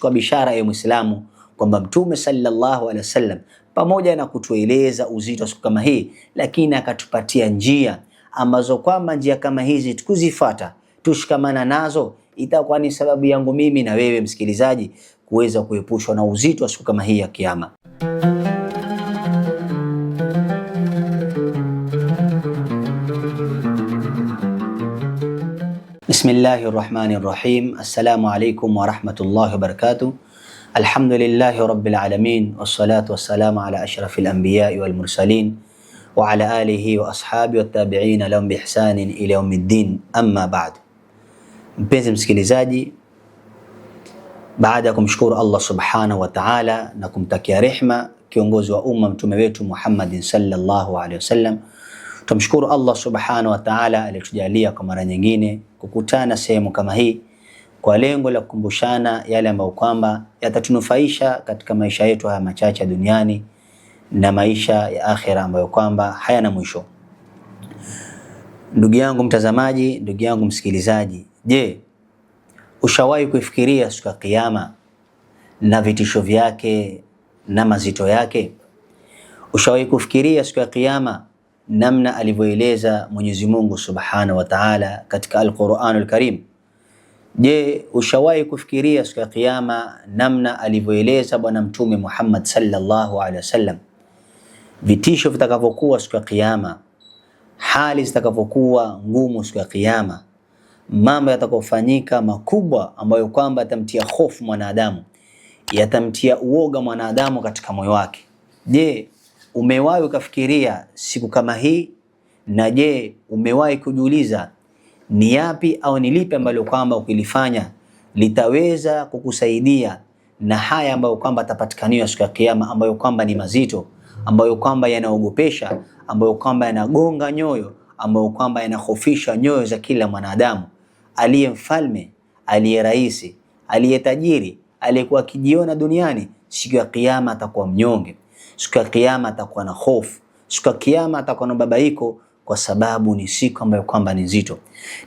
kuchukua bishara ya Muislamu kwamba Mtume sallallahu alaihi wasallam pamoja na kutueleza uzito wa siku kama hii, lakini akatupatia njia ambazo kwamba njia kama hizi tukuzifata, tushikamana nazo, itakuwa ni sababu yangu mimi na wewe msikilizaji kuweza kuepushwa na uzito wa siku kama hii ya Kiyama. بسم الله الرحمن الرحيم السلام عليكم ورحمة الله وبركاته الحمد لله رب العالمين والصلاة والسلام على أشرف الأنبياء والمرسلين وعلى آله وأصحابه والتابعين لهم بإحسان إلى يوم الدين أما بعد بيزم msikilizaji بعدكم شكور الله سبحانه وتعالى نكم تكيا رحمة كيونغوز وأمم تمويت محمد صلى الله عليه وسلم Tumshukuru Allah subhanahu wa ta'ala aliyetujalia kwa mara nyingine kukutana sehemu kama hii kwa lengo la kukumbushana yale ambayo kwamba yatatunufaisha katika maisha yetu haya machache duniani na maisha ya akhera ambayo kwamba hayana mwisho. Ndugu yangu mtazamaji, ndugu yangu msikilizaji, je, ushawahi kuifikiria siku ya Kiyama na vitisho vyake na mazito yake? Ushawahi kufikiria siku ya Kiyama namna alivyoeleza Mwenyezi Mungu Subhanahu wa Ta'ala katika Al-Qur'anul Karim. Je, ushawahi kufikiria siku ya Kiyama namna alivyoeleza Bwana Mtume Muhammad sallallahu alaihi wasallam, vitisho vitakavyokuwa siku ya Kiyama, hali zitakavyokuwa ngumu siku ya Kiyama, mambo yatakofanyika makubwa ambayo kwamba yatamtia hofu mwanadamu, yatamtia uoga mwanadamu katika moyo wake. Je, Umewahi ukafikiria siku kama hii? Na je, umewahi kujiuliza ni yapi au ni lipi ambalo kwamba ukilifanya litaweza kukusaidia na haya ambayo kwamba atapatikaniwa siku ya Kiyama, ambayo kwamba ni mazito, ambayo kwamba yanaogopesha, ambayo kwamba yanagonga nyoyo, ambayo kwamba yanahofisha nyoyo za kila mwanadamu aliye mfalme, aliye rais, aliye tajiri, aliyekuwa akijiona duniani, siku ya Kiyama atakuwa mnyonge. Siku ya kiyama atakuwa na hofu, siku ya kiyama atakuwa na babaiko, kwa sababu ni siku ambayo kwamba ni nzito,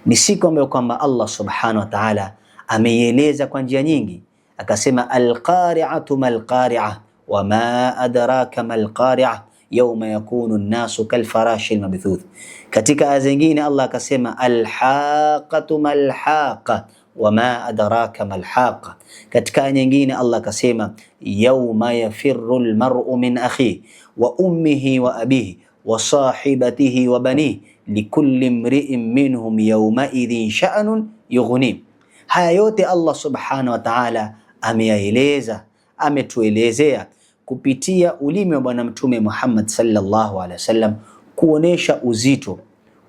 ni siku ambayo kwamba Allah subhanahu wa ta'ala ameieleza kwa njia nyingi, akasema alqari'atu malqari'a wama adraka malqari'a yauma yakunu nnasu kalfarashi lmabdhuth. Katika aya zingine Allah akasema alhaqatu malhaqa wama adraka malhaqa. Katika nyingine Allah akasema yauma yafiru lmaru min akhihi wa ummihi wa abihi wa sahibatihi wa banihi likulli mriin minhum yaumaidhin sha'nun yughni. Haya yote Allah subhanahu wa ta'ala ameyaeleza, ametuelezea kupitia ulimi wa Bwana Mtume Muhammad sallallahu alaihi wasallam, kuonesha uzito,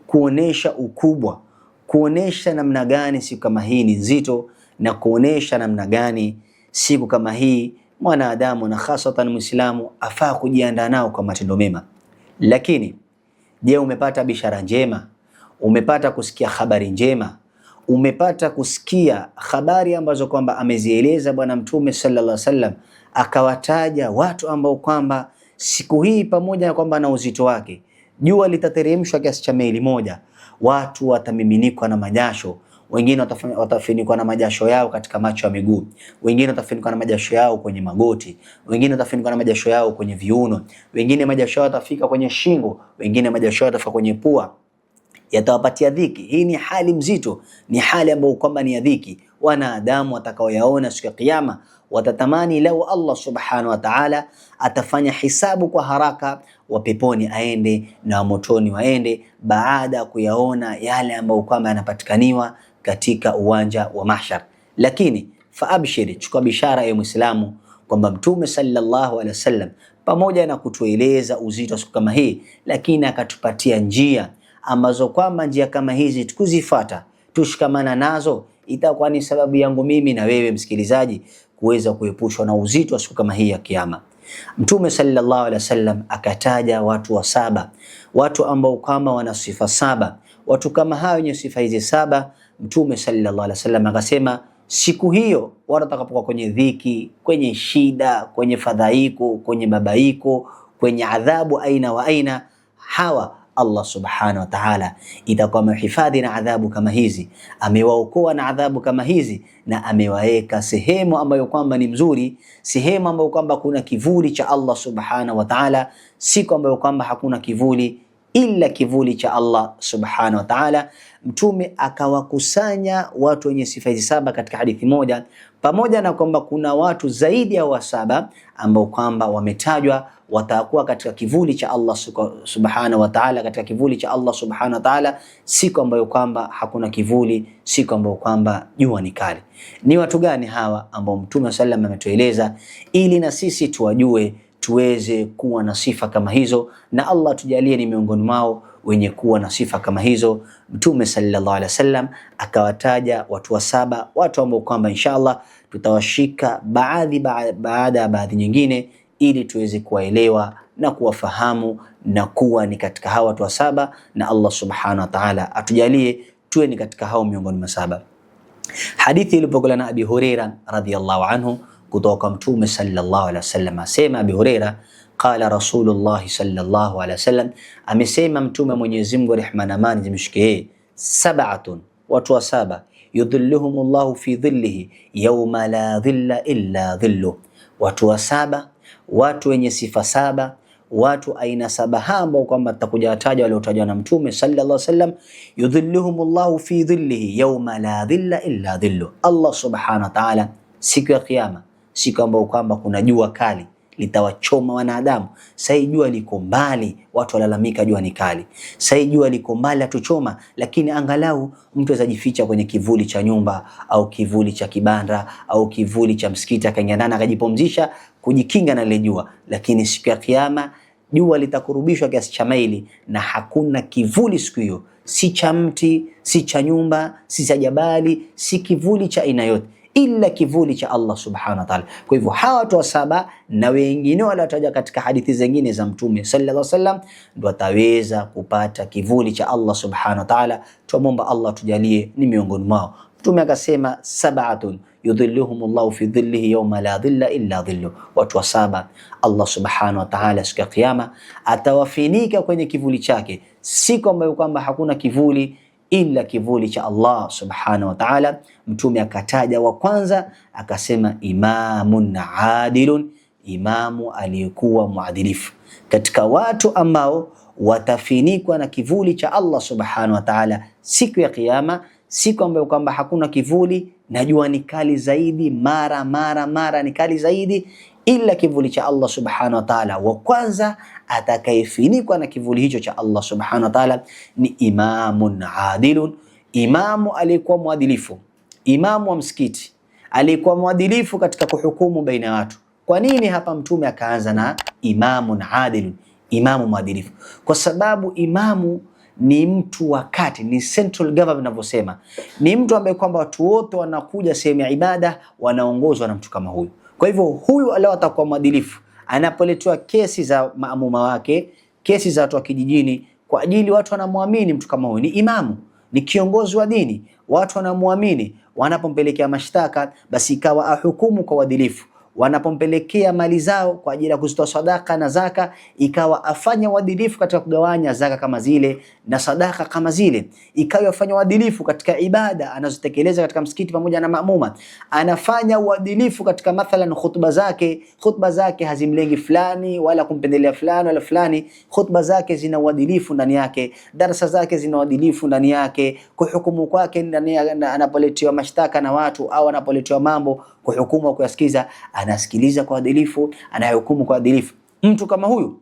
kuonesha ukubwa kuonesha namna gani siku kama hii ni nzito na kuonesha namna gani siku kama hii mwanadamu na hasatan Muislamu afaa kujiandaa nao kwa matendo mema. Lakini je, umepata bishara njema? Umepata kusikia habari njema? Umepata kusikia habari ambazo kwamba amezieleza Bwana Mtume sallallahu alaihi wasallam, akawataja watu ambao kwamba siku hii pamoja na kwamba na uzito wake jua litateremshwa kiasi cha meli moja, watu watamiminikwa na majasho wengine watafinikwa na majasho yao katika macho ya miguu, wengine watafinikwa na majasho yao kwenye magoti, wengine watafinikwa na majasho yao kwenye viuno, wengine majasho yao yatafika kwenye shingo, wengine majasho yao yatafika kwenye pua, yatawapatia dhiki. Hii ni hali mzito, ni hali ambayo kwamba ni ya dhiki wanadamu watakaoyaona siku ya Kiyama watatamani lau Allah subhanahu wa ta'ala atafanya hisabu kwa haraka, wa peponi aende na motoni waende, baada ya kuyaona yale ambayo kwamba yanapatikaniwa katika uwanja wa mahshar. Lakini faabshir chukua bishara ya Muislamu kwamba Mtume sallallahu alaihi wasallam pamoja na kutueleza uzito wa siku kama hii, lakini akatupatia njia ambazo kwamba njia kama hizi tukuzifata tushikamana nazo itakuwa ni sababu yangu mimi na wewe msikilizaji kuweza kuepushwa na uzito wa siku kama hii ya Kiyama. Mtume sallallahu alaihi wasallam akataja watu wa saba, watu ambao kama wana sifa saba. Watu kama hao wenye sifa hizi saba, Mtume sallallahu alaihi wasallam akasema siku hiyo watu watakapokuwa kwenye dhiki, kwenye shida, kwenye fadhaiko, kwenye babaiko, kwenye adhabu aina wa aina, hawa Allah subhanahu wa ta'ala itakuwa amehifadhi na adhabu kama hizi, amewaokoa na adhabu kama hizi, na amewaweka sehemu ambayo kwamba ni mzuri, sehemu ambayo kwamba kuna kivuli cha Allah subhanahu wa ta'ala, siku ambayo kwamba hakuna kivuli ila kivuli cha Allah subhanahu wa ta'ala. Mtume akawakusanya watu wenye sifa hizi saba katika hadithi moja, pamoja na kwamba kuna watu zaidi ya wasaba ambao kwamba wametajwa watakuwa katika kivuli cha Allah subhanahu wa ta'ala, katika kivuli cha Allah subhanahu wa ta'ala siku ambayo kwamba hakuna kivuli, siku ambayo kwamba jua ni kali. Ni watu gani hawa ambao Mtume sallallahu alayhi wasallam ametueleza ili na sisi tuwajue tuweze kuwa na sifa kama hizo, na Allah tujalie ni miongoni mwao wenye kuwa na sifa kama hizo. Mtume sallallahu alaihi wasallam akawataja watu wa saba, watu ambao kwamba inshallah tutawashika baadhi baada ya baadhi nyingine, ili tuweze kuwaelewa na kuwafahamu na kuwa ni katika hawa watu wa saba, na Allah subhanahu wa ta'ala atujalie tuwe ni katika hao miongoni mwa saba. Hadithi ilipokelewa na Abi Huraira radhiyallahu anhu kutoka Mtume sallallahu alaihi wasallam asema Abi Huraira qala Rasulullah sallallahu alaihi wasallam, amesema Mtume wa Mwenyezi Mungu, rehma na amani zimshike yeye, sab'atun, watu wa saba, yudhilluhum Allah fi dhillihi yawma la dhilla illa dhillu, watu wa saba, watu wenye sifa saba watu aina saba hambao kwamba tutakuja wataja waliotajwa na Mtume sallallahu alaihi wasallam. Yudhilluhumullahu fi dhillihi yawma la dhilla illa dhillu, Allah subhanahu wa ta'ala, siku ya Kiyama si kwamba kwamba kuna jua kali litawachoma wanadamu. Sasa jua liko mbali, watu walalamika jua ni kali. Sasa jua liko mbali atuchoma, lakini angalau mtu azajificha kwenye kivuli cha nyumba au kivuli cha kibanda au kivuli cha msikiti, akaingiana akajipumzisha, kujikinga na ile jua. Lakini siku ya Kiyama jua litakurubishwa kiasi cha maili, na hakuna kivuli siku hiyo, si cha mti, si cha nyumba, si cha jabali, si kivuli cha aina yote ila kivuli cha Allah subhanahu wa ta'ala. Kwa hivyo hawa watu wa saba na wengine waliotaja katika hadithi zingine za Mtume sallallahu alaihi wasallam ndio wataweza kupata kivuli cha Allah subhanahu wa ta'ala. Tuombe Allah tujalie ni miongoni mwao. Mtume akasema sab'atun yudhilluhumullahu fi dhillihi yawma la dhilla illa dhillu, watu wa saba Allah subhanahu wa ta'ala siku ya kiyama atawafinika kwenye kivuli chake, siku ambayo kwamba hakuna kivuli illa kivuli cha Allah subhanahu wa ta'ala. Mtume akataja wa kwanza akasema imamun adilun, imamu aliyekuwa mwadilifu katika watu ambao watafinikwa na kivuli cha Allah subhanahu wa ta'ala siku ya Kiyama, siku ambayo kwamba hakuna kivuli na jua ni kali zaidi, mara mara mara ni kali zaidi ila kivuli cha Allah subhanahu wa ta'ala. Wa kwanza atakayefinikwa na kivuli hicho cha Allah subhanahu wa ta'ala ni imamun adilun, imamu aliyekuwa mwadilifu, imamu wa msikiti aliyekuwa mwadilifu katika kuhukumu baina ya watu. Kwa nini hapa mtume akaanza na imamun adilun, imamu mwadilifu? Kwa sababu imamu ni mtu wa kati, ni central government ninavyosema, ni mtu ambaye kwamba watu wote wanakuja sehemu ya ibada wanaongozwa na mtu kama huyu. Kwa hivyo huyu leo atakuwa mwadilifu anapoletewa kesi za maamuma wake, kesi za watu wa kijijini, kwa ajili watu wanamwamini mtu kama huyu. Ni imamu, ni kiongozi wa dini, watu wanamwamini. Wanapompelekea mashtaka, basi ikawa ahukumu kwa uadilifu wanapompelekea mali zao kwa ajili ya kuzitoa sadaka na zaka, ikawa afanya uadilifu katika kugawanya zaka kama zile na sadaka kama zile, ikawa afanya uadilifu katika ibada anazotekeleza katika msikiti pamoja na maamuma, anafanya uadilifu katika mathalan khutba zake. Khutba zake hazimlengi fulani wala kumpendelea fulani wala fulani, khutba zake zina uadilifu ndani yake, darasa zake zina uadilifu ndani yake, kuhukumu kwake ndani, anapoletewa mashtaka na watu au anapoletewa mambo kuhukumu wa kuyasikiza, anasikiliza kwa adilifu, anayehukumu kwa adilifu. Mtu kama huyu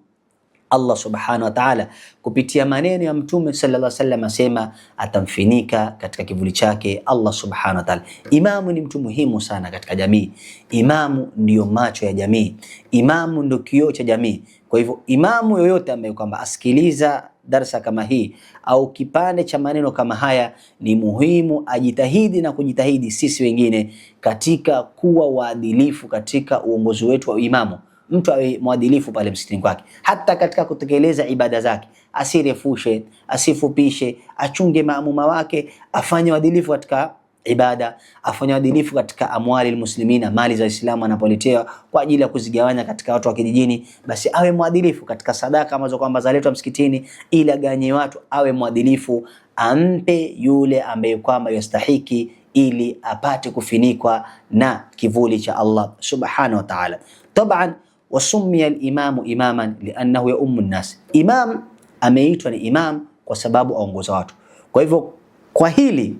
Allah subhanahu wa ta'ala kupitia maneno ya Mtume sallallahu alaihi wasallam asema atamfinika katika kivuli chake Allah subhanahu wa ta'ala. Imamu ni mtu muhimu sana katika jamii. Imamu ndiyo macho ya jamii. Imamu ndio kioo cha jamii. Kwa hivyo imamu yoyote ambaye kwamba asikiliza darsa kama hii au kipande cha maneno kama haya, ni muhimu ajitahidi na kujitahidi sisi wengine katika kuwa waadilifu katika uongozi wetu wa imamu. Mtu awe mwadilifu pale msikitini kwake, hata katika kutekeleza ibada zake, asirefushe, asifupishe, achunge maamuma wake, afanye uadilifu katika ibada afanya uadilifu katika amwali almuslimina, mali za Waislamu anapoletewa kwa ajili ya kuzigawanya katika watu wa kijijini, basi awe mwadilifu katika sadaka ambazo kwamba zaletwa msikitini ili aganye watu, awe mwadilifu, ampe yule ambaye kwamba yastahiki ili apate kufinikwa na kivuli cha Allah subhanahu wa ta'ala. Taban wasumia alimamu imaman liannahu yaumu nnas, imam ameitwa ni imam kwa sababu aongoza watu. Kwa hivyo kwa hili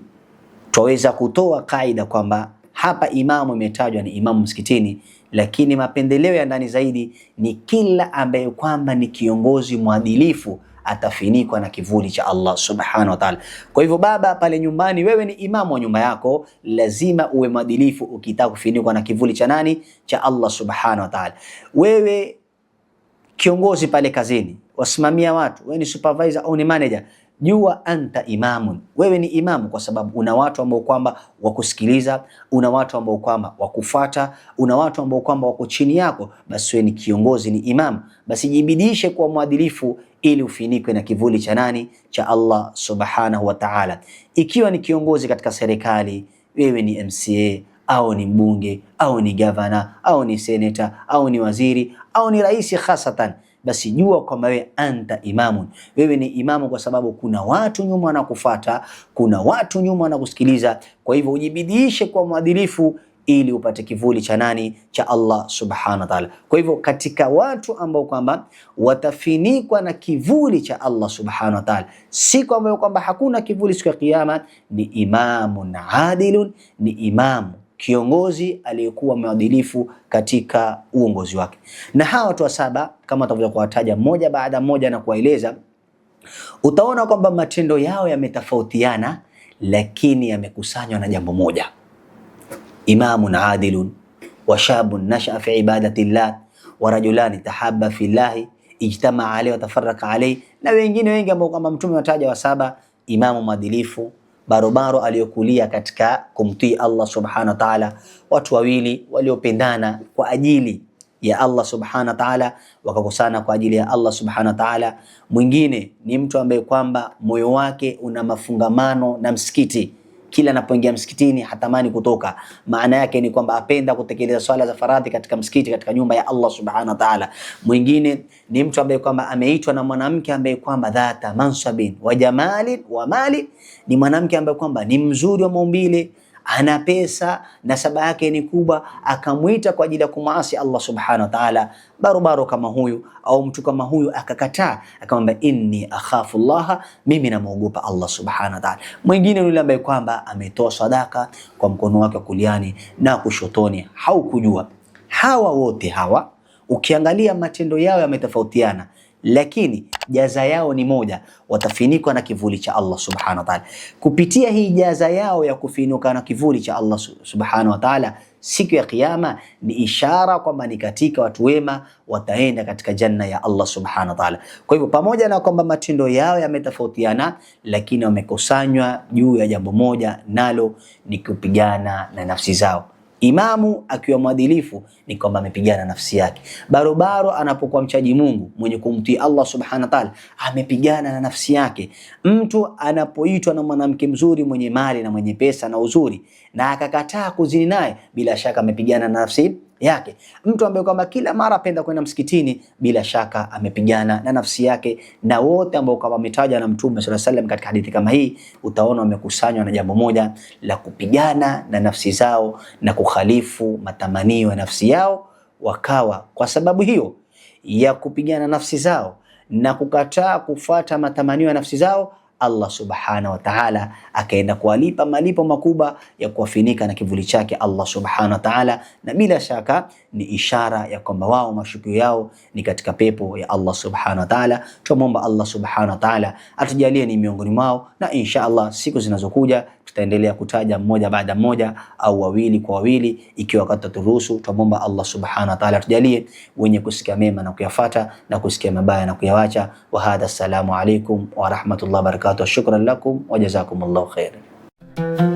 twaweza kutoa kaida kwamba hapa imamu imetajwa ni imamu msikitini, lakini mapendeleo ya ndani zaidi ni kila ambaye kwamba ni kiongozi mwadilifu atafinikwa na kivuli cha Allah subhanahu wa ta'ala. Kwa hivyo, baba pale nyumbani, wewe ni imamu wa nyumba yako, lazima uwe mwadilifu ukitaka kufinikwa na kivuli cha nani? Cha Allah subhanahu wa ta'ala. Wewe kiongozi pale kazini, wasimamia watu, wewe ni supervisor au ni manager jua anta imamun, wewe ni imamu, kwa sababu una watu ambao kwamba wakusikiliza, una watu ambao kwamba wakufata, una watu ambao kwamba wako chini yako, basi wewe ni kiongozi, ni imamu. Basi jibidishe kuwa mwadilifu ili ufinikwe na kivuli cha nani? Cha Allah subhanahu wa ta'ala. Ikiwa ni kiongozi katika serikali, wewe ni MCA au ni mbunge au ni gavana au ni seneta au ni waziri au ni rais, hasatan basi jua kwamba wewe anta imamun, wewe ni imamu, kwa sababu kuna watu nyuma wanakufuata, kuna watu nyuma wanakusikiliza. Kwa hivyo ujibidiishe kwa mwadilifu ili upate kivuli cha nani? Cha Allah subhanahu wa ta'ala. Kwa hivyo katika watu ambao kwamba watafinikwa na kivuli cha Allah subhanahu wa ta'ala, si kwamba kwamba hakuna kivuli siku ya Kiyama, ni imamun adilun, ni imamu kiongozi aliyekuwa mwadilifu katika uongozi wake. Na hawa watu wa saba kama atavyokuwa kuwataja moja baada moja na kuwaeleza, utaona kwamba matendo yao yametofautiana, lakini yamekusanywa na jambo moja: imamun adilun wa shabun nashaa fi ibadati llah wa rajulani tahaba fi llahi ijtamaa alayhi watafaraka alayhi, na wengine wengi ambao kwamba Mtume wataja wa saba: imamu mwadilifu barobaro aliyokulia katika kumtii Allah subhanahu wa ta'ala, watu wawili waliopendana kwa ajili ya Allah subhanahu wa ta'ala, wakakosana kwa ajili ya Allah subhanahu wa ta'ala. Mwingine ni mtu ambaye kwamba moyo wake una mafungamano na msikiti kila anapoingia msikitini hatamani kutoka. Maana yake ni kwamba apenda kutekeleza swala za faradhi katika msikiti, katika nyumba ya Allah subhanahu wa ta'ala. Mwingine ni mtu ambaye kwamba ameitwa na mwanamke ambaye kwamba dhata mansabin wa jamalin wa mali, ni mwanamke ambaye kwamba ni mzuri wa maumbile ana pesa, nasaba yake ni kubwa, akamwita kwa ajili ya kumwasi Allah subhanahu wa ta'ala, barobaro kama huyu au mtu kama huyu akakataa, akamwambia inni akhafu Allah, mimi namuogopa Allah subhanahu wa ta'ala. Mwingine yule ambaye kwamba ametoa sadaka kwa mkono wake kuliani na kushotoni, haukujua. Hawa wote hawa ukiangalia matendo yao yametofautiana lakini jaza yao ni moja, watafinikwa na kivuli cha Allah subhanahu wa ta'ala. Kupitia hii jaza yao ya kufinuka na kivuli cha Allah subhanahu wa ta'ala siku ya Kiyama ni ishara kwamba ni katika watu wema wataenda katika janna ya Allah subhanahu wa ta'ala. Kwa hivyo, pamoja na kwamba matendo yao yametofautiana, lakini wamekusanywa juu ya jambo moja, nalo ni kupigana na nafsi zao. Imamu akiwa mwadilifu ni kwamba amepigana nafsi yake. Barobaro anapokuwa mchaji Mungu mwenye kumtii Allah subhanahu wa ta'ala, amepigana na nafsi yake. Mtu anapoitwa na mwanamke mzuri mwenye mali na mwenye pesa na uzuri na akakataa kuzini naye, bila shaka amepigana na nafsi yake. Mtu ambaye kwamba kila mara apenda kwenda msikitini, bila shaka amepigana na nafsi yake, na wote ambao kwamba wametaja na Mtume sallallahu alaihi wasallam katika hadithi kama hii, utaona wamekusanywa na jambo moja la kupigana na nafsi zao na kukhalifu matamanio ya nafsi yao, wakawa kwa sababu hiyo ya kupigana nafsi zao na kukataa kufuata matamanio ya nafsi zao Allah subhana wa ta'ala akaenda kuwalipa malipo makubwa ya kuwafinika na kivuli chake Allah subhana wa ta'ala, na bila shaka ni ishara ya kwamba wao mashukio yao ni katika pepo ya Allah subhanahu wa ta'ala. Tunamwomba Allah subhanahu wa ta'ala atujalie ni miongoni mwao, na insha Allah siku zinazokuja tutaendelea kutaja mmoja baada mmoja au wawili kwa wawili, ikiwa wakati turuhusu. Tunamwomba Allah subhanahu wa ta'ala atujalie wenye kusikia mema na kuyafata na kusikia mabaya na kuyawacha. wa hadha, assalamu alaikum wa rahmatullahi wa barakatuh. Shukran lakum wa jazakumullahu khairan.